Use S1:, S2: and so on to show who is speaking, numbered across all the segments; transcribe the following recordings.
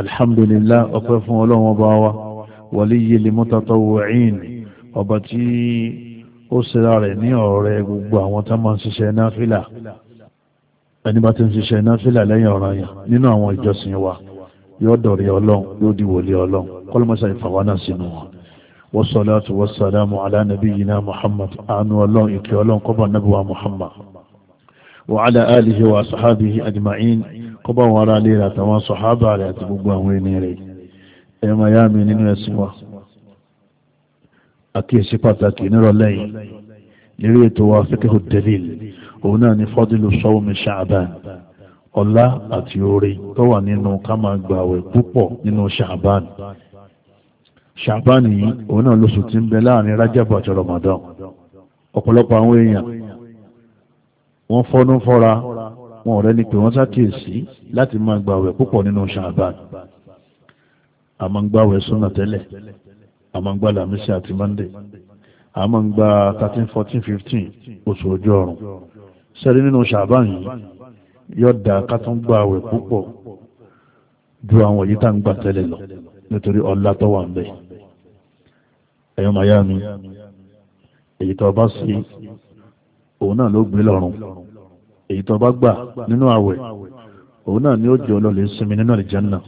S1: alhamdulillah ọpẹ́ fún ọlọ́run ọba wa wàlíyé lè mọ́tàtọ̀ wọ̀nyìn ọba tí ó ṣera rẹ̀ ní ọ̀rẹ́ gbogbo àwọn tá máa ń ṣiṣẹ́ náfìlà ẹni bá ti ń ṣiṣẹ́ náfìlà lẹ́yìn ọ̀ràn yàn nínú àwọn ìjọsìn wa yóò dọ̀rẹ́ ọlọ́run yóò di wòlé ọlọ́run kọ́lọ́mọṣà ìfàwa náà sínú wọn. wasalaatu wasalaamu ala nabiyina muhammad anu ọlọ́run ìkẹ́ ọlọ́run kọ́bọ̀ nabi muhammad وعلى آله وصحابه أجمعين قبا ورا تمام صحابة على تبقى وين ري أما يا من النسوة أكيد نرى لي لري توافقه الدليل هنا فضل صوم شعبان ọlá àti oore tó wà nínú ká máa gbààwẹ̀ púpọ̀ nínú ṣàbán yìí òun náà lóṣù tí ń bẹ láàrin àti ramadan ọ̀pọ̀lọpọ̀ àwọn èèyàn wọ́n fọ́nú fọ́ra wọn ọ̀rẹ́ ni pé wọ́n ṣàkíyèsí láti máa gbàwẹ̀ púpọ̀ nínú ṣàbàn àmọ́ ń gbàwẹ̀ súnà tẹ́lẹ̀ àmọ́ ń gbà làmísì àti mọ́ndé àmọ́ ń gbà thirteen fourteen fifteen oṣù ojú ọ̀run sẹ́rí nínú ṣàbàn yìí yọ̀dà ká tún gbàwẹ̀ púpọ̀ ju àwọn èyí tá ń gbà tẹ́lẹ̀ lọ nítorí ọlá tó wà ń ẹ̀yọ́ màyá mi èyí tó bá sí òun náà ló gbé lọ́rùn èyí tó bá gbà nínú àwẹ̀ òun náà ni ó jẹ́ ọlọ́lẹ̀ sinmi nínú àlìjánà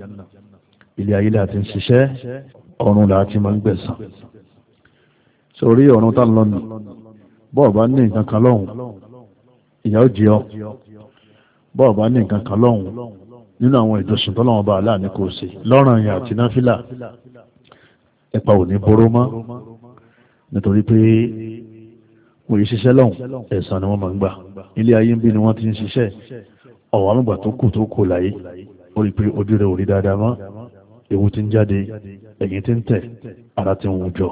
S1: ilé ayé la ti ń ṣiṣẹ́ ọ̀run la ti máa ń gbẹ̀san sórí ọ̀run tá ń lọ́nà bọ́ọ̀ bá ní nǹkan kan lọ́hùn ìyà ó jẹ ọ́ bọ́ọ̀ bá ní nǹkan kan lọ́hùn nínú àwọn ìjọsìn tọ́lọ́wọ́n bá aláàní kò sí lọ́ràn yẹn àti náfìlà ẹ̀pà ò ní boró mọ́ nítorí pé wòye ṣiṣẹ́ lọ́hùn ẹ̀san ni wọ́n máa ń gbà ilé ayé ń bí ni wọ́n ti ń ṣiṣẹ́ ọ̀wọ́ àmúgbà tó kù tó kù láyé ó rí pé ojú rẹ̀ ò rí dáadáa mọ́ ewu ti ń jáde ẹ̀yìn ti ń tẹ̀ ara ti ń wùjọ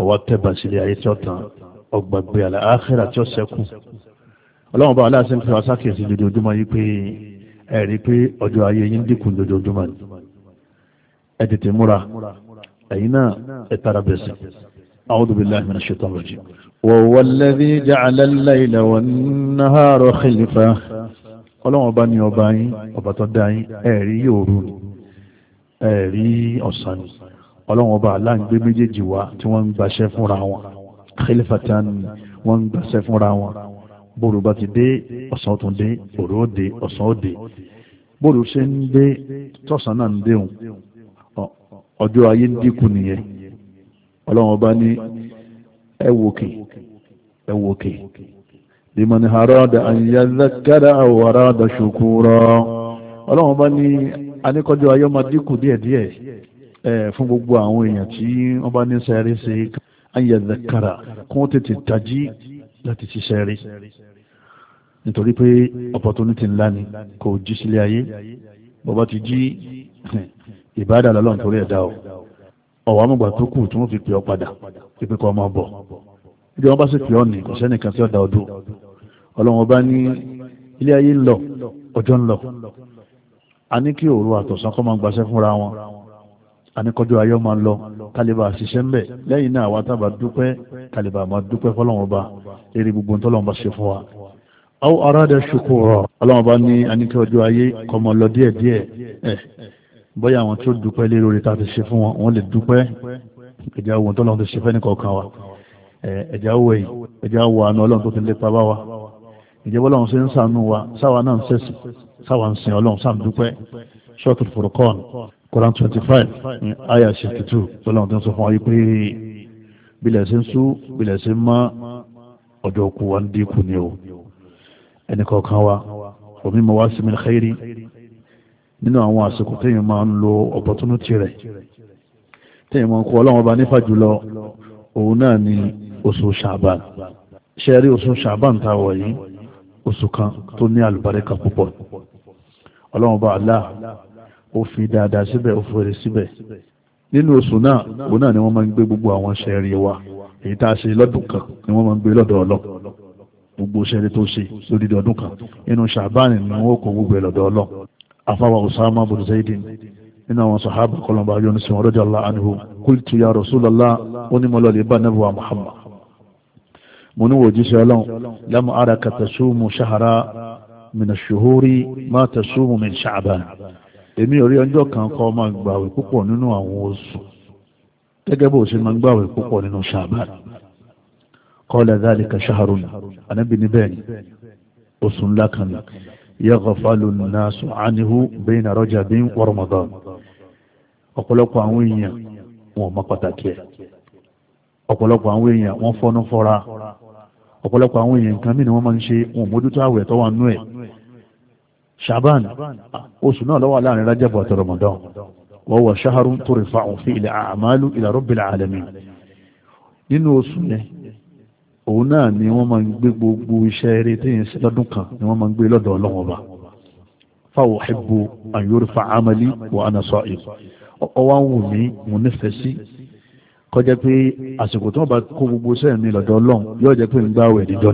S1: ọwọ́ tẹ̀bà sílé ayé tí ó tán ọgbàgbé àlẹ́ àkhírà tí ó ṣẹ́kù ọlọ́run bá aláṣẹ ń fi wáṣá lójoojúmọ́ yìí pé ẹ rí pé ọjọ́ ayé yín dínkù lójoojúmọ́ ni ẹ tètè múra ẹ̀yin وهو الذي جعل الليل والنهار خلفة ọlọ́run ọba ni ọba yín ọba tó dá yín ẹ̀rí òru ẹ̀rí ọ̀sán ni ọlọ́run ọba aláǹgbé méjèèjì wá tí wọ́n ń gbaṣẹ́ fúnra wọn khilfatan wọ́n ń gbaṣẹ́ fúnra wọn bóòrù bá ti dé ọ̀sán tó dé òru ó dé ọ̀sán ó dé bóòrù ṣe ń dé tọ̀sán náà ń déhùn ọjọ́ ayé ń dínkù nìyẹn ọlọ́run ọba ní ẹ wò kè ẹ wò kè limani harada anyazakara awarada shukura ọlọ́run bá ní aníkọjọ́ ayé máa dínkù díẹ̀díẹ̀ fún gbogbo àwọn èèyàn tí wọ́n bá ní sẹ́rí sí anyazakara kún tètè tají láti ṣiṣẹ́ rí nítorí pé opportunity ńlá ni kò jí sílé ayé bọ́bá ti jí ìbádà lọ́lọ́run torí ẹ̀dá o ọ̀wọ́ amúgbà tó kù tí wọ́n fi pè ọ́ padà pípẹ́ kọ́ ọmọ bọ̀ ibi wọn bá sì pè ọ́ ní kò sẹ́nìkan tí ó da ọdún ọlọ́run ọba ní ilé ayé ń lọ ọjọ́ ń lọ a ní kí òru àtọ̀sán kọ́ máa gbaṣẹ́ fúnra wọn a ní kọjú ayé máa lọ kálíbà ṣiṣẹ́ ń bẹ̀ lẹ́yìn náà àwa tábà dúpẹ́ kálíbà máa dúpẹ́ fọlọ́run ọba eré gbogbo tọ́lọ́run bá ṣe fún wa. àwọn ará rẹ̀ ṣùkú bóyá àwọn tí ó dúpẹ́ lé lórí ta ti ṣe fún wọn wọ́n lè dúpẹ́ ẹ̀já owó tọ́lọ́run ti ṣe fẹ́ nìkọ̀ọ̀kan wa ẹ̀já owó yìí ẹ̀já owó àánú ọlọ́run tó ti lépa bá wa ìjẹ́bọ́ ọlọ́run ṣe ń sànú wa sáwa náà ń sẹ́sì sáwa ń sin ọlọ́run sáà ń dúpẹ́ Suratul Furqan Quran twenty five ayah sixty two tọ́lọ́run tó ń sọ fún wa yìí pé bílẹ̀ ṣe ń sú bílẹ̀ ṣe ń mọ́ ọjọ́ òkú wa ń dínkù ni o ẹnìkọ̀ọ̀kan wa nínú àwọn àsìkò téèyàn máa ń lo opportunity rẹ̀ téèyàn máa ń kó ọlọ́run ọba nífà jùlọ òun náà ni oṣù ṣàbàn ṣe rí oṣù ṣàbàn tá a wọ̀ yìí oṣù kan tó ní àlùbáríkà púpọ̀ ọlọ́run ọba Allah ó fi dáadáa síbẹ̀ ó fèrè síbẹ̀ nínú oṣù náà òun náà ni wọ́n máa ń gbé gbogbo àwọn ṣẹ́ẹ̀rì wa èyí tá a ṣe lọ́dún kan ni wọ́n máa ń gbé lọ́dọ̀ ọlọ́ gbogbo ṣẹ́ẹ̀rì tó ṣe lódìdí ọdún kan inú ṣàbáàní ni wọ́n kó gbogbo ẹ̀ lọ́dọ̀ afáwà Usama bin Zaidin nínú àwọn sàhábà kọlọmbà ayọ́ nísìnyí ọ̀rọ̀jà allah anhu kultu ya Rasulullah onímọ̀lọ́lẹ̀ bá nẹ́bùwà Muhammad mo ní wòjíṣẹ́ ọlọ́run lámù ara ka tasumu ṣahara mina ṣuhuri má tasumu min Sha'ban èmi ò rí ọjọ́ kan kọ́ máa gbàwẹ̀ púpọ̀ nínú àwọn oṣù gẹ́gẹ́ bó ṣe máa gbàwẹ̀ púpọ̀ nínú Sha'ban qala dhalika shahrun ànábì níbẹ̀ ni oṣù ńlá kan ni yaghfalu nnasu anhu bayna rajabin wa ramadan ọ̀pọ̀lọpọ̀ àwọn èèyàn wọn mọ pàtàkì ẹ̀ ọ̀pọ̀lọpọ̀ àwọn èèyàn wọn fọ́nú fọ́ra ọ̀pọ̀lọpọ̀ àwọn èèyàn nǹkan mìíràn wọ́n máa ń ṣe wọn mójútó àwẹ̀ tó wà nú ẹ̀ ṣàbán oṣù náà ló wà láàrin rájàbọ̀ àti ramadan wa huwa shahrun turfa'u fihi al-a'malu ila rabbil alamin òun náà ni wọ́n máa ń gbé gbogbo iṣẹ́ eré tí yẹn sí lọ́dún kan ni wọ́n máa ń gbé lọ́dọ̀ ọlọ́wọ́n ọba fáwọn ẹ̀bù àyòrìfà amali wà á nàṣọ ìlú ọwọ́ ń wù mí mo nífẹ̀ẹ́ sí kọjá pé àsìkò tí wọ́n bá kó gbogbo iṣẹ́ mi lọ́dọ̀ ọlọ́run yóò jẹ́ pé ń gba àwẹ̀ dídọ́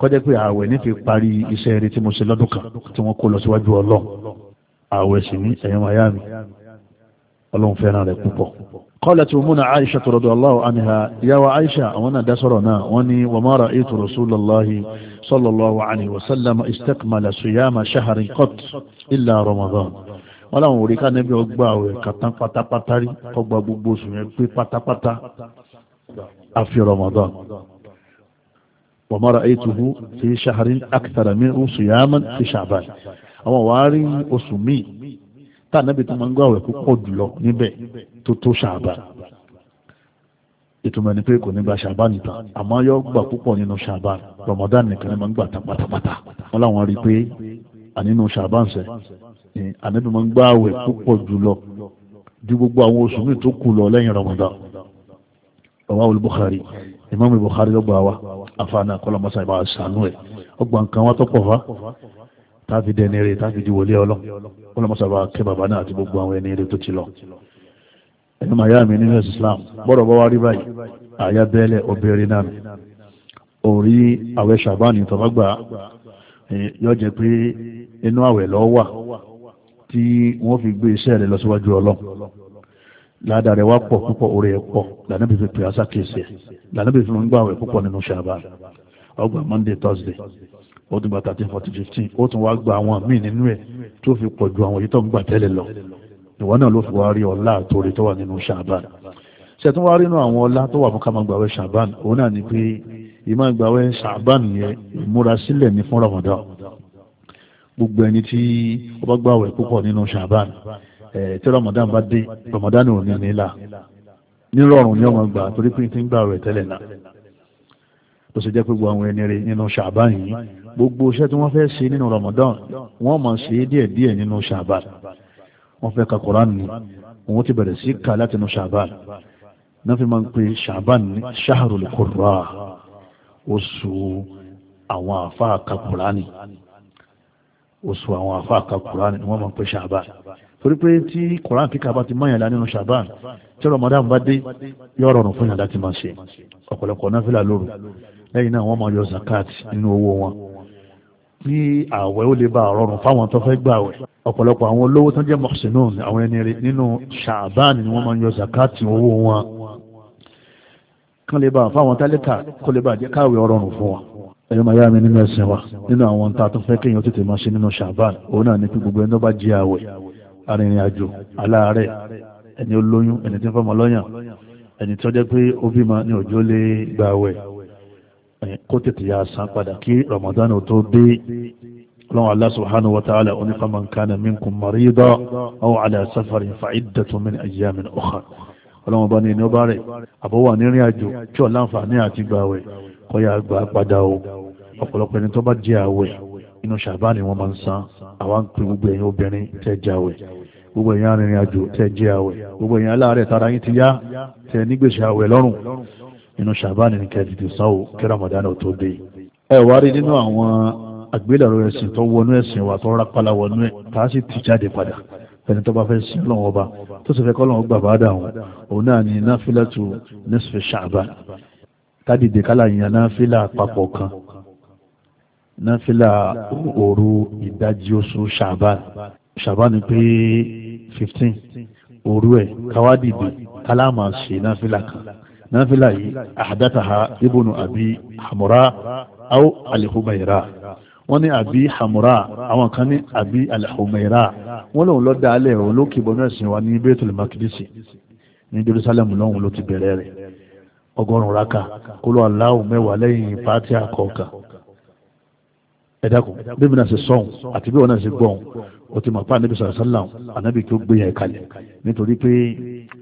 S1: kọjá pé àwẹ̀ ní fi parí iṣẹ́ eré tí mo ṣe lọ́dún kan tí wọ́n kó lọ síwájú ọlọ́run àwẹ̀ sì ní ẹ̀yọ́ ọlọ́run fẹ́ràn rẹ̀ púpọ̀ qalat ummuna Aisha radiyallahu anha ìyáwó Aisha àwọn náà dásọ̀rọ̀ náà wọ́n ní wa ma ra'aytu rasulallahi sallallahu alayhi wa sallam istakmala siyama shahrin qat illa Ramadan wọ́n láwọn orí ká níbi ọgbà ọ̀rẹ́ kàtán pátápátá rí ọgbà gbogbo oṣù yẹn pé pátápátá àfi Ramadan wa ma ra'aytuhu fi shahrin akthara minhu siyaman fi Sha'ban àwọn wàá rí oṣù míì tá ànábì tó máa ń gbàwẹ̀ púpọ̀ jùlọ níbẹ̀ tó tó ṣàbà ìtumọ̀ ni pé kò ní gba ṣàbà nìkan àmọ́ yọ gbà púpọ̀ nínú ṣàbà Ramadan nìkan ni máa ń gbà tán pátápátá wọn làwọn rí i pé ànínú ṣàbà ń sẹ ànábì máa ń gbàwẹ̀ púpọ̀ jùlọ ju gbogbo àwọn oṣù míì tó kù lọ lẹ́yìn Ramadan bàbá olùbùkárì ìmáàmù Bukhari ló gbà wá àfààní àkọlọmọsà ìbára sànú ẹ̀ ọgbà nǹkan wá tọ́pọ̀ táfi dẹni rẹ̀ táfi di wòlé ọlọ́ ọlọ́mọsàbà kí bàbá náà àti gbogbo àwọn ẹni rẹ̀ tó ti lọ ẹni màá yá mi nínú Islam gbọ́dọ̀ bá wá rí báyìí àyà bẹ́ẹ̀lẹ̀ obìnrin náà orí àwẹ̀ ṣàbánì tọ́gbàgbà yóò jẹ́ pé inú àwẹ̀ lọ wà tí wọ́n fi gbé iṣẹ́ rẹ̀ lọ síwájú ọlọ́run ládàá rẹ̀ wá pọ̀ púpọ̀ orí ẹ̀ pọ̀ lànà bí fi pè àṣà kìí ṣe lànà bí fi ń gbàwẹ̀ púpọ̀ nínú ṣàbánì ọgbà Monday Thursday ó tún gba thirteen fourteen fifteen ó tún wá gba àwọn míì nínú ẹ̀ tó fi pọ̀ ju àwọn èyí tó ń gbà tẹ́lẹ̀ lọ ìwọ náà ló fi wá rí ọlá àtòrí tó wà nínú ṣàbán ṣètò wá rínú àwọn ọlá tó wà fún ká máa ṣàbán òun náà ni pé ìmọ̀ gbàwẹ̀ ṣàbán yẹn ìmúra sílẹ̀ ní fún Ramadan gbogbo ẹni tí ó bá gbàwẹ̀ púpọ̀ nínú ṣàbán tí Ramadan bá dé Ramadan ò ní nílà nírọ̀rùn ni ọmọ gbà torí pé ti ń gbàwẹ̀ tẹ́lẹ̀ náà ó sì jẹ́ pé gbogbo àwọn ẹni rẹ̀ nínú ṣàbán yìí gbogbo iṣẹ́ tí wọ́n fẹ́ ṣe nínú Ramadan wọ́n máa ṣe díẹ̀ díẹ̀ nínú Sha'ban wọ́n fẹ́ ka Qur'an ni wọ́n ti bẹ̀rẹ̀ sí kà láti inú Sha'ban náà fi máa ń pe Sha'ban ní Shahrul Qurra oṣù àwọn àfáà ka Qur'an oṣù àwọn àfáà ka Qur'an ni wọ́n máa ń pe Sha'ban torí pé tí Qur'an kíkà bá ti mọ̀yàn lá nínú Sha'ban tí Ramadan bá dé yọ rọrùn fún yàn láti máa ṣe ọ̀pọ̀lọpọ̀ náfìlà lóru lẹ́yìn náà wọ́n máa yọ zakat nínú owó wọn kí ààwẹ̀ ó lè bá rọrùn fáwọn tó fẹ́ gbààwẹ̀ ọ̀pọ̀lọpọ̀ àwọn olówó tó jẹ́ mọ̀sínún àwọn ẹni rẹ̀ nínú ṣàbáàni ni wọ́n máa ń yọ zakati owó wọn kán lè bá fáwọn tálíkà kó lè bá jẹ́ káàwẹ̀ ọrọ̀rùn fún wa ẹ̀yọ́ máa yá mi nínú ẹ̀sìn wa nínú àwọn tá a tó fẹ́ kéèyàn tètè máa ṣe nínú ṣàbáàni òun náà ni pé gbogbo ẹni tó bá jẹ ààwẹ̀ arìnrìn àjò aláàárẹ̀ ẹni olóyún ẹni tí ń fọmọ lọ́yàn ẹni tó jẹ́ pé ó bímọ ní òjò lè gbààwẹ̀ kó tètè yà san padà kí Ramadan ò tó dé lọ́wọ́ Allah subhanahu wa ta'ala ó ní faman kana minkum marida aw ala safarin fa iddatun min ayyamin ukhra ọlọ́wọ́n bá ní ẹni ọba rẹ̀ àbọ̀wà nírìn àjò tí ọ̀ láǹfààní àti gbààwẹ̀ kọ́yà àgbà padà o ọ̀pọ̀lọpọ̀ ẹni tó bá jẹ́ àwẹ̀ inú ṣàbá ni wọ́n máa ń san àwọn ń pè gbogbo ẹ̀yin obìnrin tẹ́ jẹ́ àwẹ̀ gbogbo ẹ̀yin arìnrìn àjò tẹ́ jẹ́ àwẹ̀ gbogbo ẹ̀yin aláàárẹ̀ tara yín ti yá tẹ́ nígbèsè àwẹ̀ lọ́rùn inú ṣàbáni ní kẹ́ẹ̀dìdì sanwó kí ramadan tó dé ẹ wá rí nínú àwọn àgbélẹ̀rọ ẹ̀sìn tó wọnú ẹ̀sìn wa tó rápálá wọnú ẹ̀ tá a sì ti jáde padà ẹni tó bá fẹ́ sin ọlọ́run ọba tó sì fẹ́ kọ́ ọlọ́run gbà bá dà wọn òun náà ni náfìlàtù nisfi ṣàbán kádìdè kálà yẹn náfìlà papọ̀ kan náfìlà òru ìdajì oṣù ṣàbán ṣàbán ni pé fifteen òru ẹ̀ káwádìdè kálà máa ṣe náfìlà kan náfìlà yìí àdátàhà ibùnú àbí hamura aw alihumaira wọ́n ní àbí hamura àwọn kan ní àbí alihumaira wọ́n lòun lọ dá alẹ́ òun ló kì bọ́nú ẹ̀sìn wa ní bẹ́tùlù makidisi ní jerusalem lọ́hùn ló ti bẹ̀rẹ̀ rẹ̀ ọgọ́rùn-ún raka kólú aláwọ̀ mẹ́wàá lẹ́yìn fàtíà kọ̀ọ̀kan ẹ̀dàkùn bí mi náà ṣe sọ́hun àti bí wọn náà ṣe gbọ́hun ó ti mọ̀ pé ànábì sọ̀rọ̀ sálàm ànábì tó gbé yẹn kalẹ̀ nítorí pé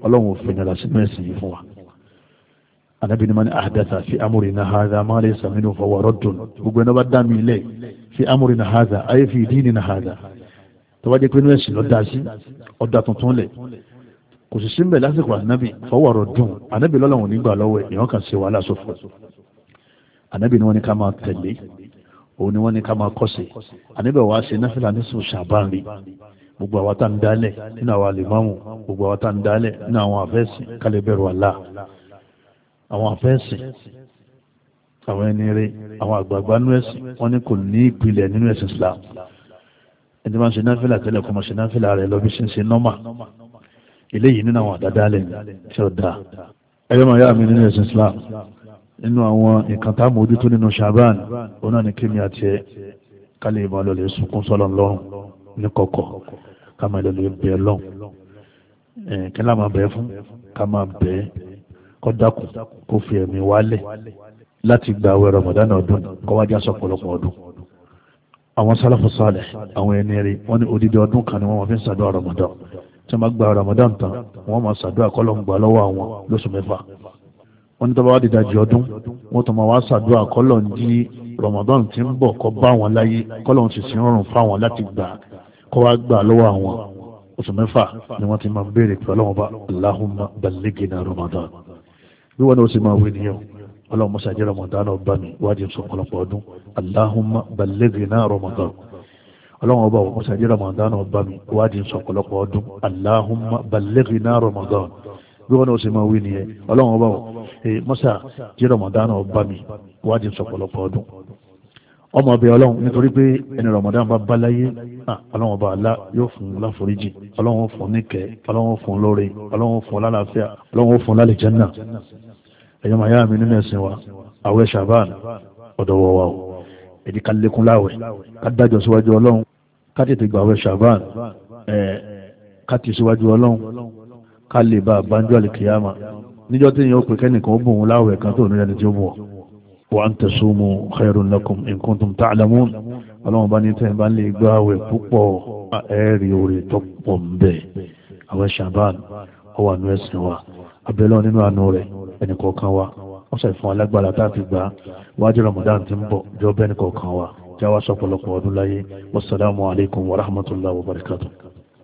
S1: ọlọ́run ò fẹ̀yìn ọ̀la sínú yìí fún wa anabi ni ma ni ahadasa fi amurina haza ma lè sàmì ní òfò wọ̀rọ̀ dùn gbogbo ẹni wọ́n bá dá mi lẹ̀ fi amurina haza ayé fi ìdí nínú haza tó bá jẹ́ pé inú ẹ̀sìn lọ dá sí ọ̀dà tuntun lẹ̀ kò sì sínbẹ̀ lásìkò anabi fọwọ́rọ̀ dùn anabi lọ́lọ́wọ̀n nígbà lọ́wọ́ èèyàn kan ṣe wàhálà sófò anabi ni wọ́n ní ká máa tẹ̀lé òun ni wọ́n ní ká máa kọ́sẹ̀ anabi wàá ṣe náfìlà ní sùn ṣàbán gbogbo àwa tá ń dálẹ̀ nínú àwa lèmọ́mù gbogbo àwa tá ń dálẹ̀ nínú àwọn àfẹ́sìn kálẹ̀ bẹ̀rù Allah àwọn afẹ́sìn àwọn ẹni rẹ àwọn àgbààgbà nínú ẹ̀sìn wọ́n ní kò ní ìpìlẹ̀ nínú ẹ̀sìn Islam ẹni máa ń ṣe náfìlà tẹ́lẹ̀ kọ́ máa ṣe náfìlà rẹ̀ lọ bí ṣe ń ṣe nọ́mà eléyìí nínú àwọn àdáda lẹ̀ tí ó dáa ẹyọ́ máa yá mi nínú ẹ̀sìn Islam nínú àwọn nǹkan tá a mójútó nínú Shaban òun náà ni kémi àti ẹ ká lè máa lọ lè sunkún sọ́lọ́ lọ́rùn ní kọ̀kọ̀ ká máa lọ lè bẹ̀ẹ́ lọ́rùn kí lá máa bẹ̀ẹ́ fún ká máa bẹ̀ẹ́ kọ́dákùn kó fi ẹ̀mí wálẹ̀ láti gba àwẹ̀ Ramadan ọdún kọ́wájá sọ pọ̀lọpọ̀ ọdún àwọn sálàfù sálẹ̀ àwọn ẹni rí wọ́n ní odidi ọdún kan ni wọ́n fi ń ṣàdúrà Ramadan tí wọ́n gba Ramadan tán wọ́n máa ṣàdúrà kọ́lọ̀ ń gbà lọ́wọ́ àwọn lóṣù mẹ́fà wọ́n ní tọ́ba wá dìdajì ọdún wọ́n tó máa wá ṣàdúrà kọ́lọ̀ ń di Ramadan tí ń bọ̀ kọ́ bá wọn láyé kọ́lọ̀ ń sì sí rọrùn fáwọn láti gbà kọ́ wá gbà lọ́wọ́ àwọn oṣù mẹ́fà ni wọ́n ti máa béèrè pẹ̀lú ọba Allahumma ballighna Ramadan bí wọ́n náà sì máa wé nìyẹn Allahumma ṣàjẹ́ Ramadan ọba mi wájú sọ ọ̀pọ̀lọpọ̀ ọdún Allahumma ballighna Ramadan Allahumma ọba wọn ṣàjẹ́ Ramadan ọba mi wájú sọ ọ̀pọ̀lọpọ̀ ọdún Allahumma ballighna Ramadan bí wọ́n náà sì máa wí nìyẹn Allahumma ọba wọn mọ́sà jẹ́ Ramadan ọba mi wájú sọ ọ̀pọ̀lọpọ̀ ọdún ọmọ ọbẹ̀ ọlọ́run nítorí pé ẹni rọ̀mọ̀dán bá bá láyé ọlọ́run ọba àlá yóò fún un láforíjì ọlọ́run fún un níkẹ́ ọlọ́run fún un lóore ọlọ́run fún un lálàáfíà ọlọ́run fún un lálẹ́jẹ́nà ẹ̀yọ́ màá yá mi nínú ẹ̀sìn wa àwẹ̀ ṣàbáàn ọ̀dọ̀ wa o èdè ká lékún láwẹ̀ ká dájọ́ síwájú ọlọ́run ká tètè gbà ṣàbáàn ẹ̀ ká ti síwájú ọlọ́run ká lè bá àbájọ́ àlìkìyàmà níjọ́ tí yẹn ó pè kẹ́nìkan ó bùn láwẹ̀ kan tó ní ẹni tí ó bùn wa an tasumu khairun lakum in kuntum ta'lamun ọlọ́run bá ní tẹ́ bá lè gbà àwẹ̀ púpọ̀ ẹ̀rí orí tó pọ̀ ń ṣàbáàn ọwà nù ẹ̀sìn wa abẹ́lọ́ nínú àánú rẹ̀ ẹnìkọ̀ọ̀kan wa wọ́n sọ ìfún alágbára táàfi gbà wájú Ramadan ti ń bọ̀ jọ bẹ́ẹ̀nìkọ̀ọ̀kan wa jáwá sọ̀pọ̀lọpọ̀ ọdún láyé wassalamu alaikum warahmatullahi wabarakatuh